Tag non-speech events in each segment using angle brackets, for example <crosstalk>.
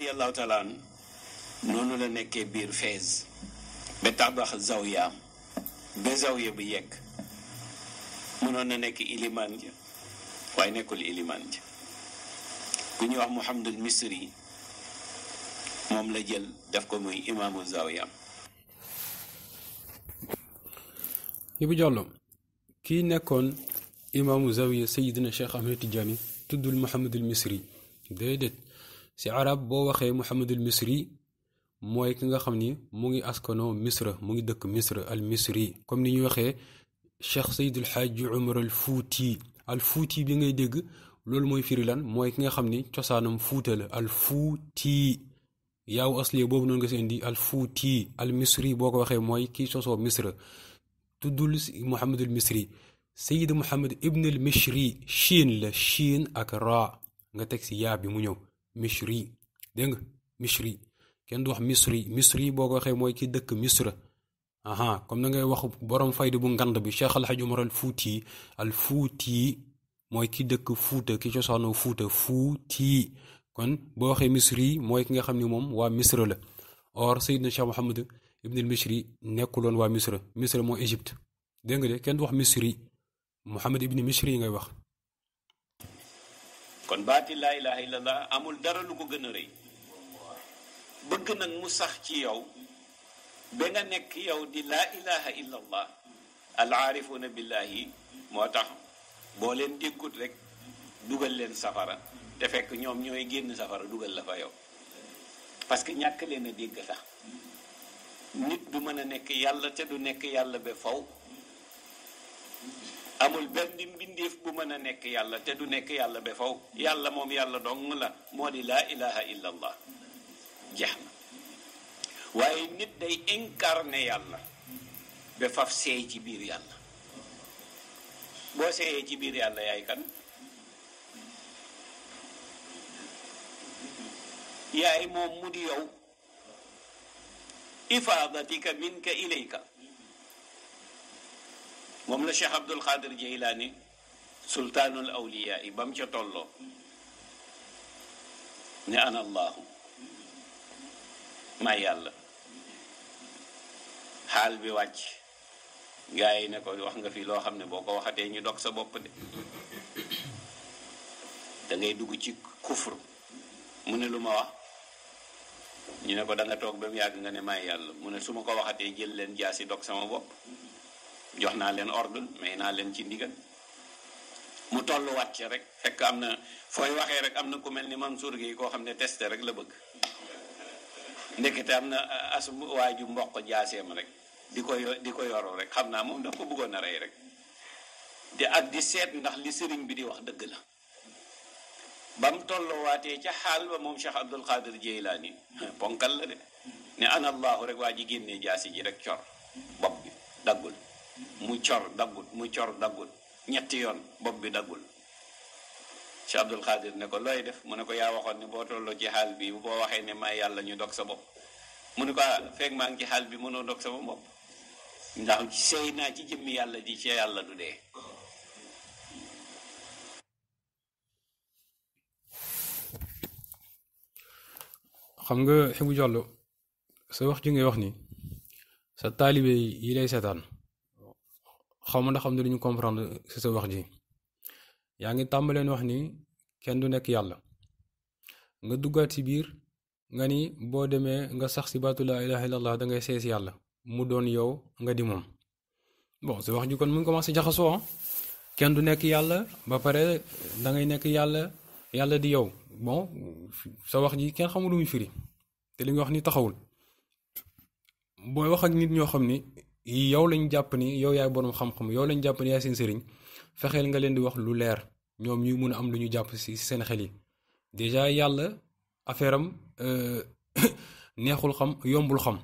رضي الله تعالى نونو لا نيكي بير فيز بتابخ زاوية بزاوية بيك منو لا نيكي إليمان واي نيكول إليمان كوني واخ محمد المصري موم لا جيل دافكو موي إمام الزاوية يبو جولو كي نيكون إمام الزاوية سيدنا شيخ أحمد تجاني تدو محمد المصري ديدت دي. ci arab boo waxee muhammadul misri mooy ki nga xam ni mu ngi askanoo misra mu ngi dëkk misra al misri comme ni ñu waxee cheikh seydul xaaji umar al fuuti al fuuti bi ngay dégg loolu mooy firi lan mooy ki nga xam ni cosaanam fuuta la al fuuti yaaw asli boobu noonu nga si indi al fuuti al misri boo ko waxee mooy kii sosoo misra tuddul muhammadul misri sayid muhammad ibn al mishri chiin la chiin ak ra nga teg si yaa bi mu ñëw misri dégg nga misri kenn du wax misri misri boo ko waxee mooy ki dëkk misra aha comme na ngay wax borom fayda bu ngand bi cheikh alhaj umar al fuuti al fuuti mooy ki dëkk fuuta ki cosaanoo fuuta fuuti kon boo waxee misri mooy ki nga xam ne moom waa misra la or sayidna cheikh mohamad ibn al misri nekkuloon waa misra misra moo égypte dégg nga de kenn du wax misri mohamad ibn misri ngay wax kon baati laa ilaha illallah amul dara lu ko gën a rëy bëgg nag mu sax ci yow ba nga nekk yow di laa ilaha illallah al aarifuuna billahi moo tax boo leen déggut rek dugal leen safara te fekk ñoom ñooy génn safara dugal la fa yow parce que ñàkk leen a dégg sax nit du mën a nekk yàlla te du nekk yàlla ba fow amul benn mbindeef bu mën a nekk yàlla te du nekk yàlla ba faw yàlla moom yàlla dong la moo di laa ilaha illallah allah jeex na waaye nit day incarné yàlla ba faf seey ci biir yàlla boo seeyee ci biir yàlla yaay kan yaay moom mu di yow minka ilayka موم لا شيخ عبد القادر جيلاني سلطان الاولياء بام تي تولو ني انا الله ما يالا حال بي واتي غاي نكو دي واخا في لو خامني بوكو واخاتي ني دوك سا بوب دي دا ngay دوجو سي كفر مني لوما واخ ني نكو دا nga tok bam yag nga ne ma yalla mune suma ko waxate jël len jasi dok sama bop jox naa leen ordre may naa leen ci ndigal mu tolluwaat ci rek fekk am na fooy waxee rek am na ku mel ni Mansour gi koo xam ne testé rek la bëgg ndekete am na as waaju mboq jaaseem rek di ko di ko yoru rek xam naa moom daf ko bëggoon a rey rek te ak di seet ndax li sëriñ bi di wax dëgg la ba mu tolluwaatee ca xaal ba moom Cheikh Abdul Qadir Jeylaani <laughs> ponkal la de ne ana allahu rek waa ji génnee jaasi ji rek cor bopp bi daggul mu cor Mucor mu cor daggut ñetti yoon Khadir bi daggul ci abdul qadir ne ko looy def mu ne ko yaa waxoon ne boo tolloo ci xaal bi boo waxee ne may yàlla ñu dog sa bopp mu ne ko ah, feeg maa ngi ci xaal bi mënoo dog sama bopp ndax naa ci jëmmi yàlla di ci yàlla du dee xam nga xibu jollo sa wax ji ngay wax ni sa taalibe yi lay xaw ma ndax xam ne duñu comprendre si sa wax ji yaa ngi tàmbaleen wax ni kenn du nekk yàlla nga duggaat si biir nga ni boo demee nga sax si baatu laa ilaha illallah da ngay sees yàlla mu doon yow nga di moom bon sa wax ji kon mu ngi commencé jaxasoo ah. kenn du nekk yàlla ba pare da ngay nekk yàlla yàlla di yow bon sa wax ji kenn xamul lu muy firi te li nga wax ni taxawul booy wax ak nit ñoo xam ni yow lañu jàpp ni yow yaay boroom xam-xam yow lañu jàpp ni yaay seen sëriñ fexeel nga leen di wax lu leer ñoom ñuy mun a am lu ñu jàpp si seen xel yi déjà yàlla affaire am euh, <coughs> neexul xam yombul xam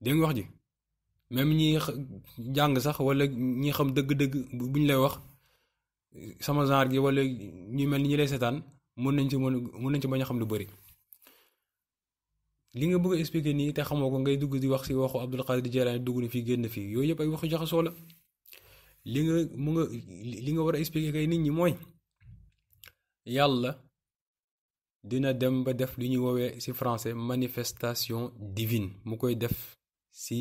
dégg wax ji même ñi jàng sax wala ñi xam dëgg-dëgg buñ lay wax sama genre gi wala ñu mel ni ñu lay seetaan mën nañ ci mën mën nañ ci bañ a xam lu bari li nga bëgg expliqué expliquer nii te xamoo ko ngay dugg di wax si waxu Abdul Qadir Jilani dugg ni fii génn fii yooyu yëpp ay waxu jaxasoo la li nga mu nga li nga war a expliqué kay nit ñi mooy yàlla dina dem ba def li ñu woowee si français manifestation divine mu koy def si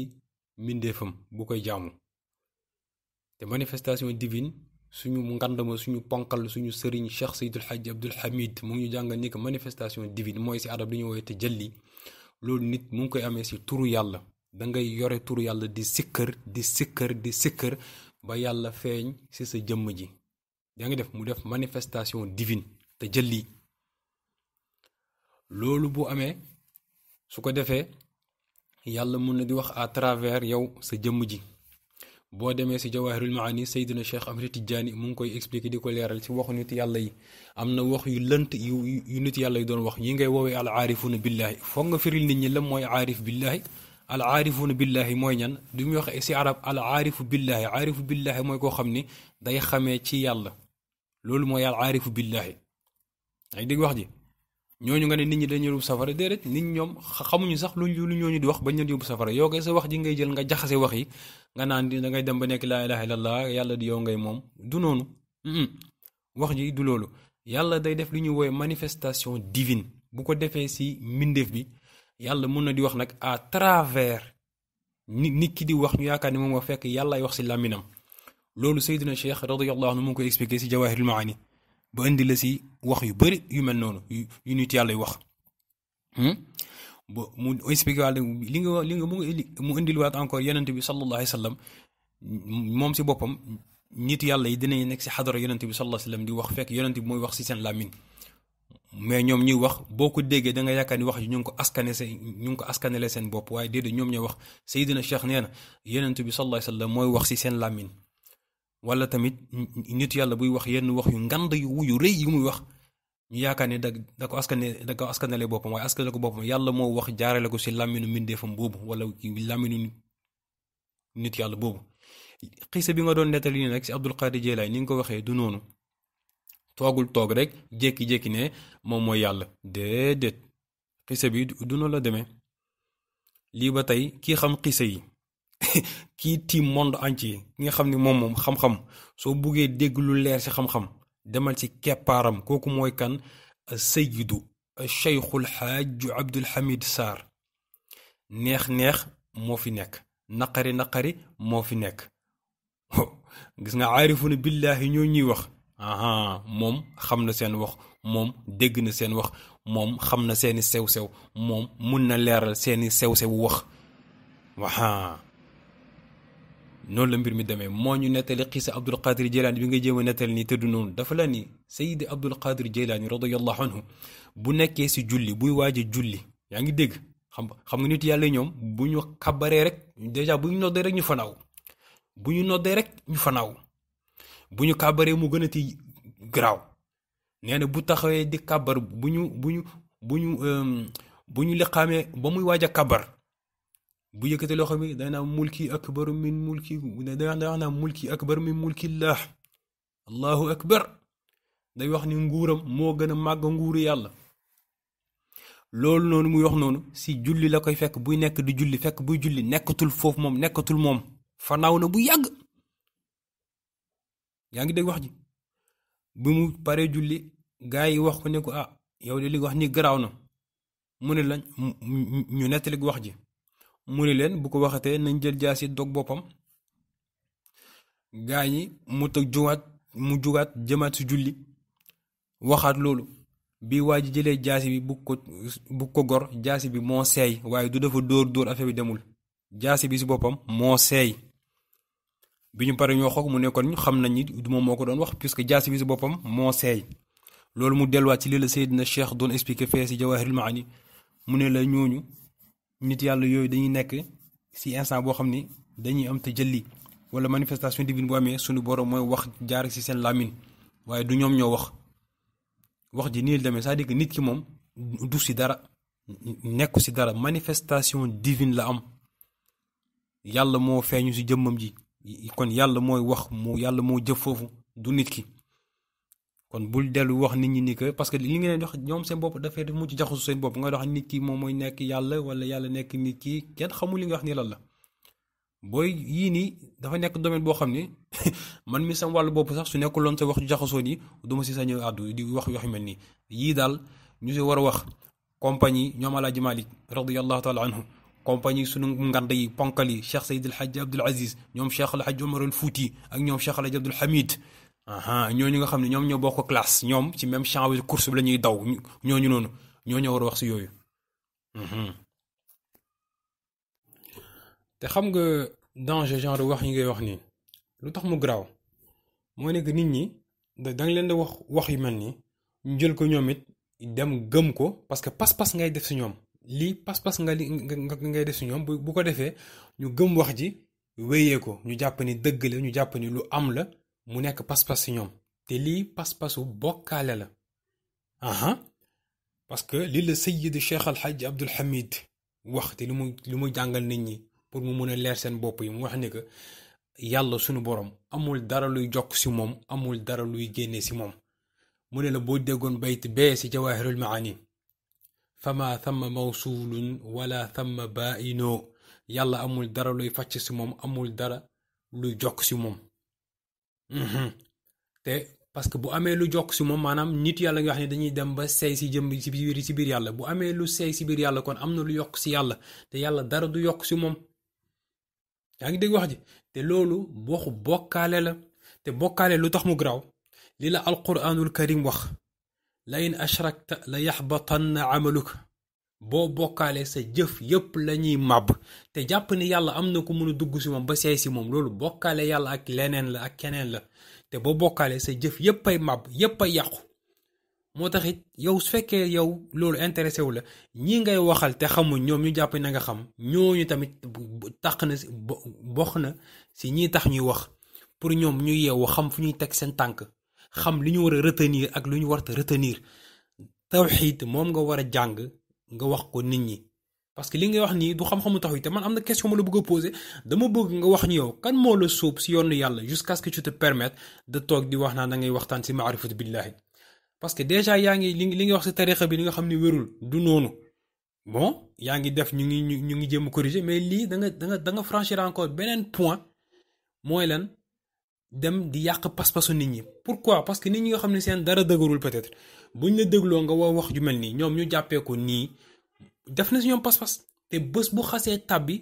mindeefam bu koy jaamu te manifestation divine suñu ngandama suñu ponkal suñu sëriñ Cheikh Seydul Hajj Abdul Hamid mu ngi ñu jàngal ni que manifestation divine mooy si arab li ñu woowee te jëlli loolu nit mu ngi koy amee ci turu yàlla da ngay yore turu yàlla di sikkër di sikkër di sikkër ba yàlla feeñ ci sa jëmm ji yaa ngi def mu def manifestation divine te jëlli loolu bu amee su ko defee yàlla mun na di wax à travers yow sa jëmm ji bo demee si jawahirul maani Seydina Cheikh amri tidiani mu ngi koy expliqué di ko leeral si waxu nit yàlla yi am na wax yu lënt yu yu nit yàlla yi doon wax yi ngay woowee al aarifuuna billahi foog nga firil nit ñi lam mooy aarif billahi al aarifuuna billahi mooy ñan du muy wax si arab al aarifu billahi aarifu billahi mooy koo xam ni day xamee ci yàlla loolu mooy al aarifu billahi ay dégg wax ji ñooñu nga ne nit ñi dañu yóbbu safara déedéet nit ñoom xamuñu sax lu lu ñooñu di wax bañ leen yóbbu safara yoo kay sa wax ji ngay jël nga jaxase wax yi nga naan da ngay dem ba nekk laa ilaha laa yàlla di yow ngay moom du noonu wax ji du loolu yàlla day def li ñuy woowee manifestation divine bu ko defee si mbindeef bi yàlla mun na di wax nag à travers nit nit ki di wax ñu yaakaar ne moom nga fekk yàllaay wax si làmminam loolu Seydina Cheikh radiyallahu anhu mu ngi koy expliqué si Jawahirul Maani ba indi la si wax yu bari yu mel noonu yu nit yàlla wax ba mu expliqué waat li nga li nga mu mu indil waat encore yonent bi sallallahu alayhi wasallam moom si boppam nit yàlla yi dinañ nekk si xadara yonent bi sallallahu alayhi wasallam di wax fekk yonent bi mooy wax si seen lamine mais ñoom ñuy wax boo ko déggee da nga yaakaar ni wax ji ñu ngi ko askane se ñu ngi ko askanele seen bopp waaye déedéet ñoom ñooy wax Seydina Cheikh nee na yonent bi sallallahu alayhi wasallam mooy wax si seen lamine wala tamit nit yàlla buy wax yenn wax yu ngand yu wu yu rëy yu muy wax ñu yaakaar ne da da ko askane da ko askanale boppam waaye askane ko boppam yàlla moo wax jaarale ko si làmminu mbindeefam boobu wala làmminu nit yàlla boobu xiisa bi nga doon nettali ni rek si abdul qadir jelaay ni nga ko waxee du noonu toogul toog rek jékki-jékki ne moom mooy yàlla déedéet xiisa bi du noonu la demee lii ba tey kii xam xiisa yi <laughs> kii tiim monde entier ki nga xam ni moom moom xam-xam soo buggee dégg lu leer ci xam-xam demal ci keppaaram kooku mooy kan sayyidu cheikhul xaaju Abdul Hamid Sarr neex-neex moo fi nekk naqari naqari moo fi nekk gis nga aarifuna billaahi ñoo ñuy wax moom xam na seen wax moom dégg na seen wax moom xam na seeni sew-sew moom mun na leeral seeni sew sewu wax noonu la mbir mi demee moo ñu nettali xiisa Abdul Qadir Jeylaani bi nga jéem a nettali nii tëdd noonu dafa la ni Sayyid Abdul Qadir Jeylaani radiyallahu anhu bu nekkee si julli buy waaj a julli yaa ngi dégg xam xam nga nit yàlla ñoom bu ñu xabaree rek dèjà bu ñu rek ñu fanaaw bu ñu noddee rek ñu fanaaw bu ñu xabaree mu gën a ti garaaw nee na bu taxawee di kabar bu ñu bu ñu bu ñu euh, bu ñu liqaamee ba muy waaja a kabar بو يكتل خمي دانا ملكي أكبر من ملكي دانا دانا ملكي أكبر من ملك الله الله أكبر دا يوحني نقورا موغانا ماغا نقورا يالله لول نون مو يوح نون سي جولي لا كاي فك بو نيك دي جولي فك بو جولي نيكاتول فوف موم نيكاتول موم فناونا بو ياغ ياغي ديغ واخجي بو مو باري جولي غاي واخ كو نيكو اه ياو لي واخ ني غراونا مون لا ني نيتلي واخجي mu ni leen bu ko waxatee nañ jël jaasi dog boppam gaa ñi mu tëg jugaat mu jugaat jëmaat si julli waxaat loolu bii waa ji jëlee jaasi bi bu ko bu gor jaasi bi moo seey waaye du dafa dóor dóor affaire bi demul jaasi bi si boppam moo seey bi ñu pare ñoo xoog mu nekkoon xam nañ ni du moom moo ko doon wax puisque jaasi bi si boppam moo seey loolu mu delluwaat ci lii la na Cheikh doon expliqué fee si Jawahirul Maani mu ne la ñooñu nit yàlla yooyu dañuy nekk si instant boo xam ni dañuy am te jëlli wala manifestation divine bu amee sunu borom mooy wax jaar si seen làmmiñ waaye du ñoom ñoo wax wax ji nii la demee c' a dire que nit ki moom du si dara nekku si dara manifestation divine la am yàlla moo feeñu si jëmmam ji kon yàlla mooy wax mu yàlla moo jëf foofu du nit ki kon bul delu wax nit ñi ni que parce que li ngeen wax ñom seen bopp dafay def mu ci jaxu seen bop nga wax nit ki mom moy nekk yàlla wala yàlla nekk nit ki kenn xamul li nga wax ni lan la boy yi ni dafa nekk domaine bo xamni man mi sam walu bop sax su nekkul lon sa wax ju jaxasoo nii du ma si sañ àddu di wax wax melni yi dal ñu ci wara wax compagnie ñom alaaji malik radiyallahu taala anhu compagnie sunu ngand yi ponkali cheikh sayyid al hajj abdul aziz ñom cheikh al hajj omar al futi ak ñom cheikh al hajj abdul hamid ñoo ñu nga xam ne ñoom ñoo bokk classe ñoom ci même champ de course bi la ñuy daw ñu noonu ñoo ñoo war a wax si yooyu. Mhm. te xam nga danger genre wax yi ngay wax nii lu tax mu graw moo nekk nit ñi da nga leen di wax wax yu mel nii ñu jël ko ñoom it dem gëm ko parce que pas-pas ngay def si ñoom lii pas-pas nga li nga ngay def si ñoom bu ko defee ñu gëm wax ji wéyee ko ñu jàpp ni dëgg la ñu jàpp ni lu am la mu nekk pas-pas si ñoom te lii pas-pasu bokkaale la aha parce que li la sayyid cheikh alxaj abdul hamid wax te li mu li mu jàngal nit ñi pour mu mun a leer seen bopp yi mu wax ni que yàlla sunu borom amul dara luy jokk si moom amul dara luy génne si moom mu ne la boo déggoon bayt bee si jawahirul maani fama thamma mawsulun wala thamma baino yàlla amul dara luy fàcc si moom amul dara luy jokk si moom Mhm. te parce que bu amee lu jokk si moom maanaam nit yàlla nga wax ne dañuy dem ba seey si jëm si biir si biir yàlla bu amee lu sey si biir yàlla kon am na lu yokk si yàlla te yàlla dara du yokk si moom yaa ngi dégg wax ji te loolu waxu bokkaale la te bokkaale lu tax mu garaaw li la alquraanul karim wax la in ashrakta la yaxbatanna ko boo bokkaale sa jëf yépp lañuy mab te jàpp ni yàlla am na ko mën a dugg si moom ba seey si moom loolu bokkaale yàlla ak leneen la ak keneen la te boo bokkaale sa jëf yépp ay màbb yépp ay yàqu moo tax it yow su fekkee yow loolu intéressé wu la ñi ngay waxal te xamuñ ñoom ñu jàpp na nga xam ñooñu tamit tax na si box na si ñi tax ñuy wax pour ñoom ñu yeewu xam fu ñuy teg seen tànk xam li ñu war a retenir ak lu ñu warta retenir tawxiid moom nga war a jàng nga wax ko nit ñi parce que li ngay wax ni du xam-xamu taxuy te man am na question ma la bëgg a posé dama bëgg nga wax ñu yow kan moo la sóob si yoonu yàlla jusqu'à ce que tu te permettes de toog di wax naan da ngay waxtaan si maarifatu billahi parce que déjà yaa ngi li li nga wax si tariqa bi li nga xam ne wérul du noonu bon yaa ngi def ñu ngi ñu ngi jéem a corriger mais lii da nga da nga da nga franchir encore beneen point mooy lan dem di yàq pas-pasu nit ñi pourquoi parce que nit ñi nga xam ne seen dara dëgërul peut-être buñ la dégloo nga wax wax ju mel nii ñoom ñu jàppee ko nii def na si ñoom pas-pas te bés bu xasee tàbbi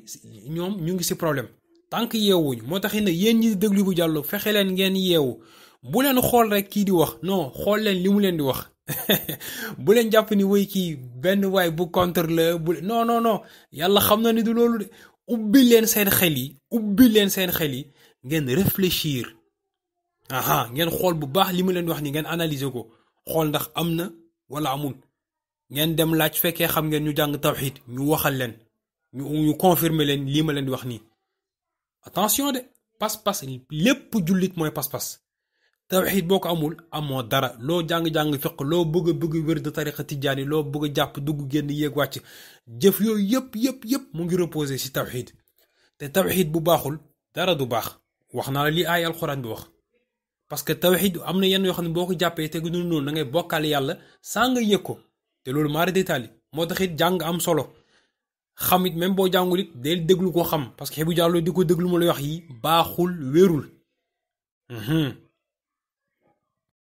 ñoom ñu ngi si problème tànk que yeewuñu moo tax ne yéen ñi di déglu bu jàllo fexe leen ngeen yeewu bu leen xool rek kii di wax non xool leen li mu leen di wax bu leen jàpp ni woy kii benn waay bu contre la bu non non non yàlla xam na ni du loolu de ubbi leen seen xel yi ubbi leen seen xel yi ngeen réfléchir aha ngeen xool bu baax li ma leen wax ni ngeen analyser ko xool ndax am na wala amul ngeen dem laaj fekkee xam ngeen ñu jàng tawxid ñu waxal leen ñu ñu confirmer leen lii ma leen di wax nii attention de pas-pas lépp jullit mooy pas-pas tawxid boo ko amul amoo dara loo jàng-jàng fiq loo bëgg bëgg wër de tariqa tijaani loo bëgg a jàpp dugg génn yéeg wàcc jëf yooyu yëpp yëpp yëpp mu ngi reposer ci tawxid te tawxid bu baaxul dara du baax wax naa la li ay alxuraan wax parce que tawxiid am na yenn yoo xam ne boo ko jàppee te gënul noonu da ngay bokkal yàlla saa nga yëg ko te loolu maari détail moo tax it jàng am solo xamit it même boo jàngul it del déglu ko xam parce que Hibou Diallo di ko déglu mu lay wax yi baaxul wérul mhm.